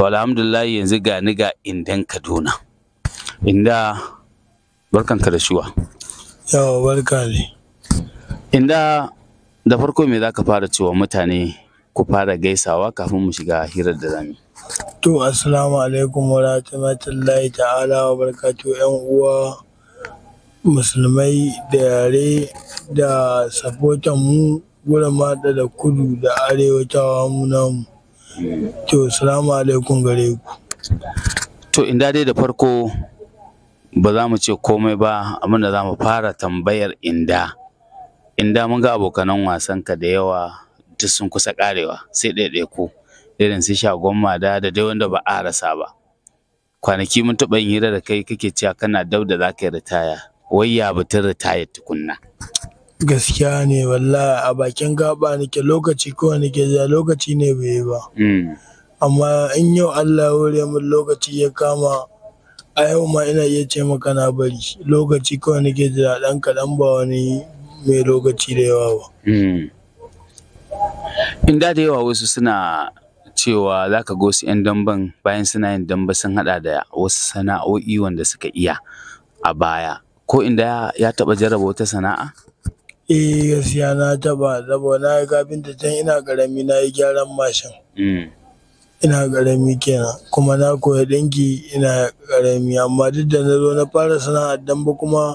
to alhamdulillah yanzu ga ni ga indan kaduna inda barkanka da shuwa yawa barka ne inda da farko me zaka fara cewa mutane ku fara gaisawa kafin mu shiga hirar da zamu to assalamu alaikum wa rahmatullahi ta'ala wa barakatu yan uwa musulmai da yare da safotan mu gurin da kudu da arewa ta mu namu to salamu alaikum gare ku to inda dai da farko ba za mu ce komai ba abinda za mu fara tambayar inda inda mun ga abokanan wasanka da yawa duk sun kusa karewa sai ɗaiɗai ko irin su shagon mada da dai wanda ba a rasa ba kwanaki mun taɓa yin hira da kai kake cewa kana dab da za ka yi ritaya wai ya batun ritaya tukunna gaskiya ne wallahi a bakin gaba nake lokaci ko nake ja lokaci ne bai yi ba mm. amma in yau Allah ya min lokaci ya kama a yau ma ina iya ce maka na bari lokaci ko nake jira dan kaɗan ba wani mai lokaci da yawa ba mm. in da da yawa wasu suna cewa zaka ka wasu 'yan damban bayan suna yin damba sun hada da wasu sana'o'i wanda suka iya a baya ko inda ya taɓa jarraba wata sana'a Eh gaskiya na taba saboda na yi kafinta tun ina ƙarami na yi gyaran mashin. Mm. Ina ƙarami kenan kuma na koya ɗinki ina ƙarami amma duk da na zo na fara sana'ar damba kuma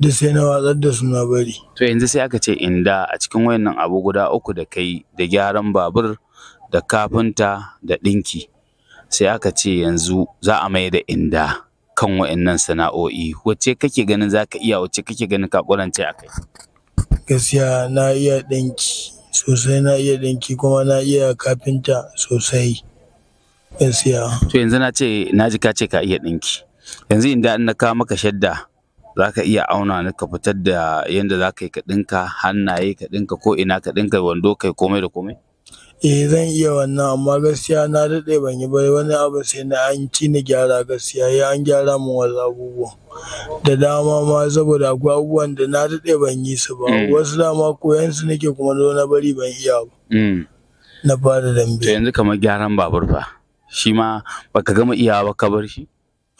da sai na watsar da su na bari. To yanzu sai aka ce inda a cikin wayannan abu guda uku da kai da gyaran babur da kafinta da ɗinki sai aka ce yanzu za a mai da inda kan wayannan sana'o'i wacce kake ganin za ka iya wacce kake ganin ka ƙwarance a kai. Gaskiya na iya ɗinki sosai, na iya ɗinki kuma na iya kafinta sosai. Gaskiya. To yanzu na ce na ji ka ce ka iya ɗinki. Yanzu inda an na kawo maka shadda za ka iya auna ni ka fitar da yadda za ka yi ka ɗinka hannaye ka ɗinka ko ina ka ɗinka wando kai komai da komai? Eh zan iya wannan amma gaskiya na daɗe ban yi ba wani abu sai na an ci ni gyara gaskiya ya an gyara mu wasu abubuwan da dama ma saboda akwai abubuwan da na daɗe ban yi su ba mm. wasu dama koyan su nake kuma zo na bari ban iya ba mm. na fara dambe yanzu kamar gyaran babur fa shi ma baka gama iyawa ba ka bar shi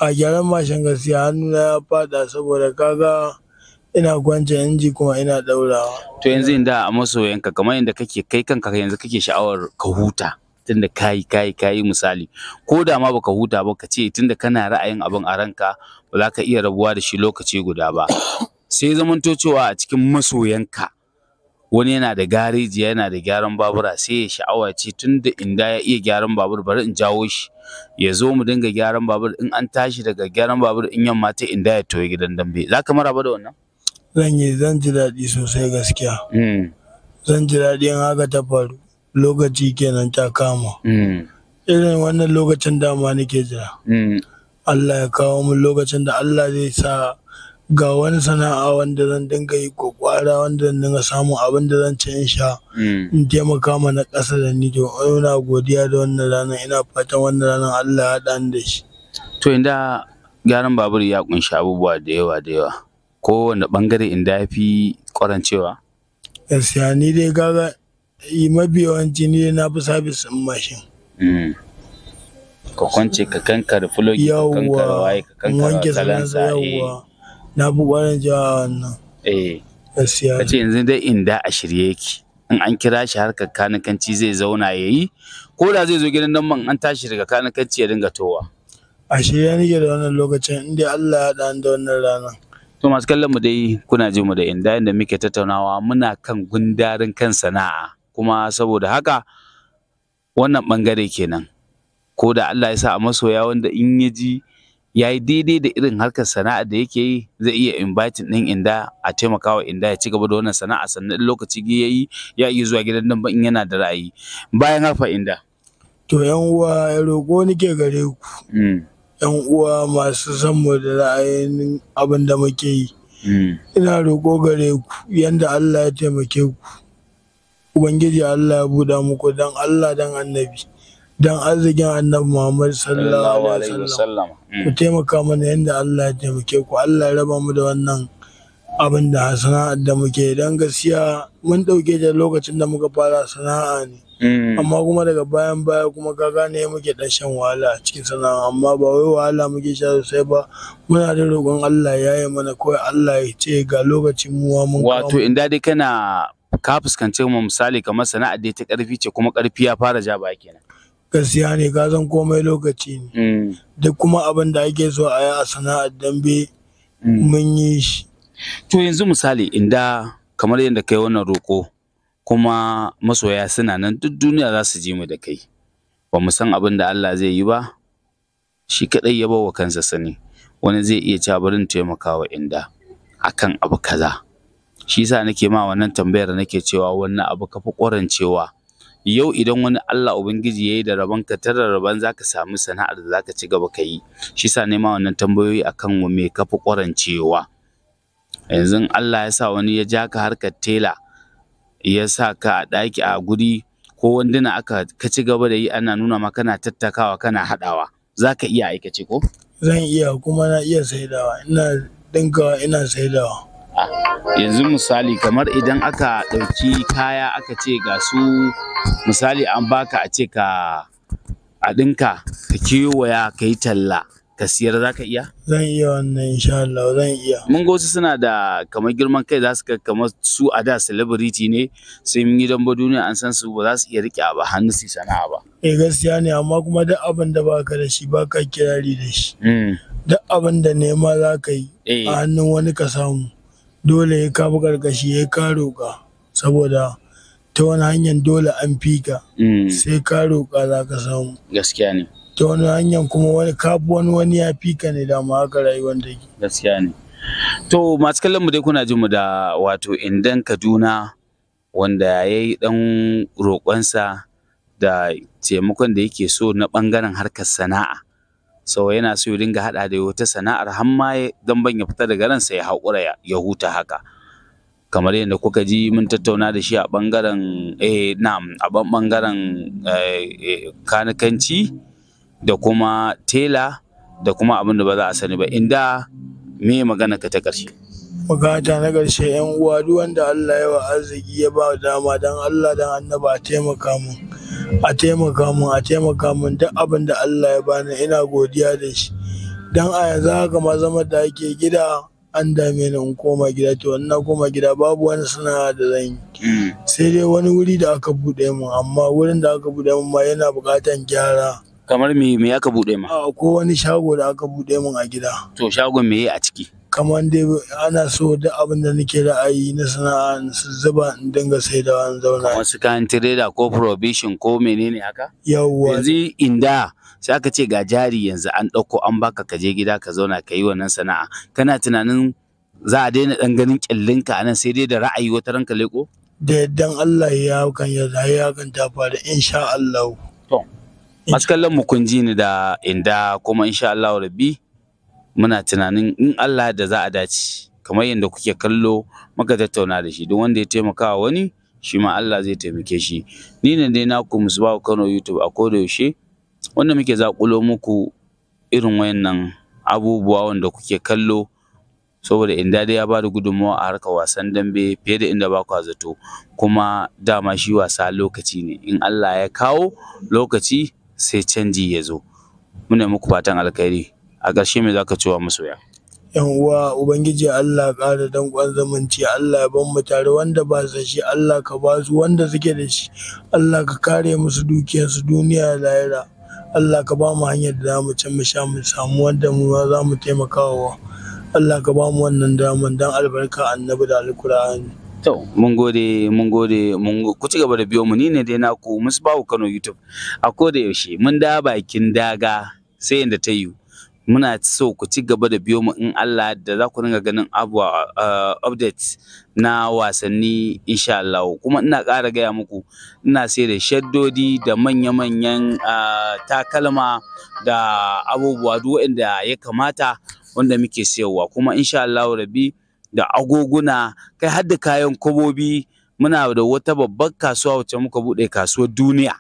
a gyaran mashin gaskiya hannu na ya fada saboda kaga ina gwanja inji kuma ina daurawa to yanzu inda a masoyanka kamar yadda kake kai kanka yanzu kake sha'awar ka huta tunda kayi kayi kayi misali ko da ma baka huta ba ka ce tunda kana ra'ayin abin a ranka ba za ka iya rabuwa da shi lokaci guda ba sai zamanto cewa a cikin masoyanka wani yana da gareji yana da gyaran babura sai ya sha'awa ce tun da inda ya iya gyaran babur bari in jawo shi ya zo mu dinga gyaran babur in an tashi daga gyaran babur in yamma ta inda ya toye gidan dambe za ka maraba da wannan zan yi zan ji daɗi sosai gaskiya hmm. zan ji daɗi in haka ta faru lokaci kenan ta kama hmm. irin wannan lokacin dama nake jira hmm. Allah ya kawo mun lokacin da Allah zai sa ga wani sana'a wanda zan dinga yi kwakwara wanda zan dinga samun abin da zan ci in sha in taimaka ma na ƙasa da ni to ina godiya da wannan ranar ina fatan wannan ranar Allah ya haɗa da shi to inda gyaran babur ya kunshi abubuwa da yawa da yawa kowane bangare inda ya fi kwarancewa? gaskiya ni dai gaga yi mafi yawanci ni na fi sabis in mashin mm. ka kwance ka kankar fulogi ka kankar waye ka kankar talansa eh. yawwa na fi kwarin jawa wannan eh gaskiya kace yanzu dai inda a shirye ki in an kira shi harkar kanikanci zai zauna ya yi ko da zai zo gidan nan man an tashi daga kanikanci ya dinga towa a shirye nake da wannan lokacin inda Allah ya da wannan ranar To masu kallon mu dai kuna ji mu da inda inda muke tattaunawa muna kan gundarin kan sana'a kuma saboda haka wannan bangare kenan ko da Allah ya sa a masoya wanda in ya ji ya yi daidai da irin harkar sana'a da yake yi zai iya inviting din inda a taimakawa inda ya ci gaba da wannan sana'a sannan lokaci ya yi ya iya zuwa gidan nan in yana da ra'ayi bayan harfa inda. To yan uwa roƙo nake gare ku. Mm. 'yan uwa masu san mu da ra'ayin abin da muke yi. Hmm. Ina roƙo gare ku yanda Allah ya taimake ku. Ubangiji Allah ya buɗa muku don Allah don annabi. Don arzikin annabi Muhammad sallallahu alaihi wasallam. Ku taimaka mana yanda Allah ya taimake ku. Allah ya raba mu da wannan abin da sana'ar da muke don gaskiya mun ɗauke da lokacin da muka fara sana'a ne mm. amma kuma daga bayan baya kuma ka gane muke ɗan shan wahala a cikin sana'a amma ba wai wahala muke sha sosai ba muna da roƙon Allah ya yi mana kawai Allah ya ce ga lokacin muwa mun wato in dai kana ka fuskanci mu misali kamar sana'ar da ta ƙarfi ce kuma ƙarfi ya fara ja ba kenan gaskiya ne ka san komai lokaci ne mm. duk kuma abin da ake so a yi a sana'ar dambe mm. mun yi shi to yanzu misali inda kamar yadda kai wannan roko kuma masoya suna nan duk duniya za su ji mu da kai ba mu san abin da Allah zai yi ba shi kaɗai ya bawa kansa sani wani zai iya cewa bari in taimakawa inda akan abu kaza shi yasa nake ma wannan tambayar nake cewa wannan abu kafa yau idan wani Allah Ubangiji yayi da rabon ka tarar rabon za samu sana'ar da zaka ci gaba ka yi shi yasa nema wannan tambayoyi akan me kafi fi yanzu Allah ya sa wani ya ja ka harkar tela ya sa ka a ɗaki a guri ko wanduna aka ka ci gaba da yi ana nuna ma kana tattakawa kana haɗawa za ka iya aikace ko? Zan iya kuma na iya saidawa ina dinkawa ina saidawa. Ah, yanzu misali kamar idan aka ɗauki kaya aka ce ga su misali an baka a ce ka a ɗinka ka kewaya ka yi talla ka siyar za ka iya? Zan iya wannan insha Allah zan iya. Mun gosu suna da kamar girman kai za su ka kamar su a da celebrity ne sai mun yi don ba duniya an san su ba za su iya rike ba hannu su sana'a ba. Eh gaskiya ne amma kuma duk abin da baka da shi baka kirari da shi. Hmm. Duk abin da nema za ka yi eh. a hannun wani ka samu dole ya kafa karkashi ya ka saboda ta wani hanyar dole an fi ka hmm. sai ka roƙa za ka samu. Gaskiya ne. ta wani hanyar kuma wani wani ya fi ka ne dama haka rayuwar da ke gaskiya ne to masu kallon mu dai kuna jin mu da wato indan kaduna wanda ya yi dan roƙonsa da taimakon da yake so na ɓangaren harkar sana'a sau yana so ya dinga haɗa da wata sana'ar hamma don ban ya fita daga ransa ya haƙura ya huta haka kamar yadda kuka ji mun tattauna da shi a ɓangaren eh, a ɓangaren eh, eh, kanikanci da kuma tela da kuma abin da ba za a sani ba inda me magana ka ta ƙarshe bukata na ƙarshe yan uwa duk wanda Allah ya wa arziki ya ba dama don Allah dan annaba a taimaka mun a taimaka mun a taimaka mun duk abin da Allah ya bani ina godiya da shi Don a yanzu haka ma zama da ake gida an dame ni in koma gida to na koma gida babu wani sana'a da zan yi mm. sai dai wani wuri da aka buɗe mun amma wurin da aka buɗe mun ma yana bukatan gyara kamar me me aka bude ma a ko wani shago da aka bude min a gida to shagon me a ciki kamar dai ana so da abin da nake ra'ayi na sana'a su zuba in dinga sai da an zauna kamar su kayan tireda ko provision ko menene haka yawwa yanzu inda sai aka ce ga jari yanzu an ɗauko an baka ka je gida ka zauna ka yi wannan sana'a kana tunanin za a daina ɗan ganin kyallin ka nan sai dai da ra'ayi wata ranka leko da yaddan Allah ya kan zai ya kan ta faru insha Allah masu kallon mu kun ji ni da inda kuma insha Allah rabbi muna tunanin in Allah da za a dace kamar yadda kuke kallo muka tattauna da shi duk wanda ya taimaka wa wani shi ma Allah zai taimake shi ni ne dai naku musubawa Kano YouTube a koda yaushe wanda muke zakulo muku irin wayannan abubuwa wanda kuke kallo saboda inda dai ya bada gudummawa a harkar wasan dambe fiye da inda ba ku zato kuma dama shi wasa lokaci ne in Allah ya kawo lokaci sai canji ya zo muna muku fatan alkhairi a ƙarshe me zaka cewa masoya yan uwa ubangiji Allah ƙara danƙon zamanci Allah ya ban mu tare wanda ba sa shi Allah ka ba su wanda suke da shi Allah ka kare musu dukiyar su duniya da lahira Allah ka ba mu hanyar da mu ci mu sha mu samu wanda mu za mu taimakawa Allah ka ba mu wannan daman dan albarka annabi da alkur'ani To, mun gode, mun gode, mun ku ci gaba da biyo mu ni ne dai naku Musbahu Kano YouTube. A koda yaushe mun da bakin daga sai inda ta yi. Muna so ku ci gaba da biyo mu in Allah da za ku ringa ganin abuwa updates na wasanni insha Allah. Kuma ina ƙara gaya muku ina sai da shaddodi da manya-manyan takalma da abubuwa duk wanda ya kamata wanda muke siyarwa. Kuma insha Allah rabi da agoguna kai har da kayan kwabobi muna da wata babbar kasuwa wacce muka buɗe kasuwar duniya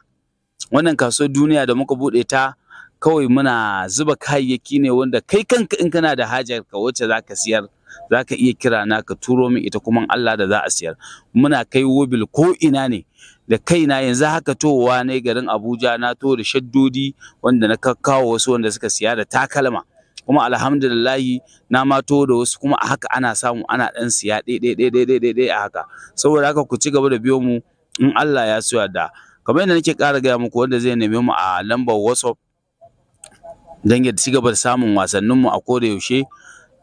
wannan kasuwar duniya da muka buɗe ta kawai muna zuba kayayyaki ne wanda kai kanka in kana da hajar ka wacce za ka siyar za ka iya kira na ka turo min ita kuma Allah da za a siyar muna kai wobil ko ina ne da kaina yanzu haka towa ne garin Abuja na to da shaddodi wanda na kakkawo wasu wanda suka siya da takalma kuma alhamdulillahi na mato da wasu kuma a haka ana samu ana ɗan siya ɗaiɗaiɗaiɗaiɗaiɗai a haka saboda haka ku ci gaba da biyo mu in Allah ya so yarda kamar yadda nake ƙara gaya muku wanda zai neme mu a lambar whatsapp don ya ci gaba da samun wasannin mu a koda yaushe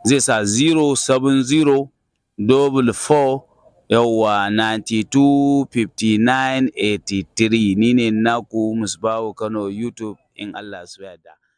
zai sa 070 yawa 92 59 83 ni ne naku musbahu kano youtube in Allah ya so yarda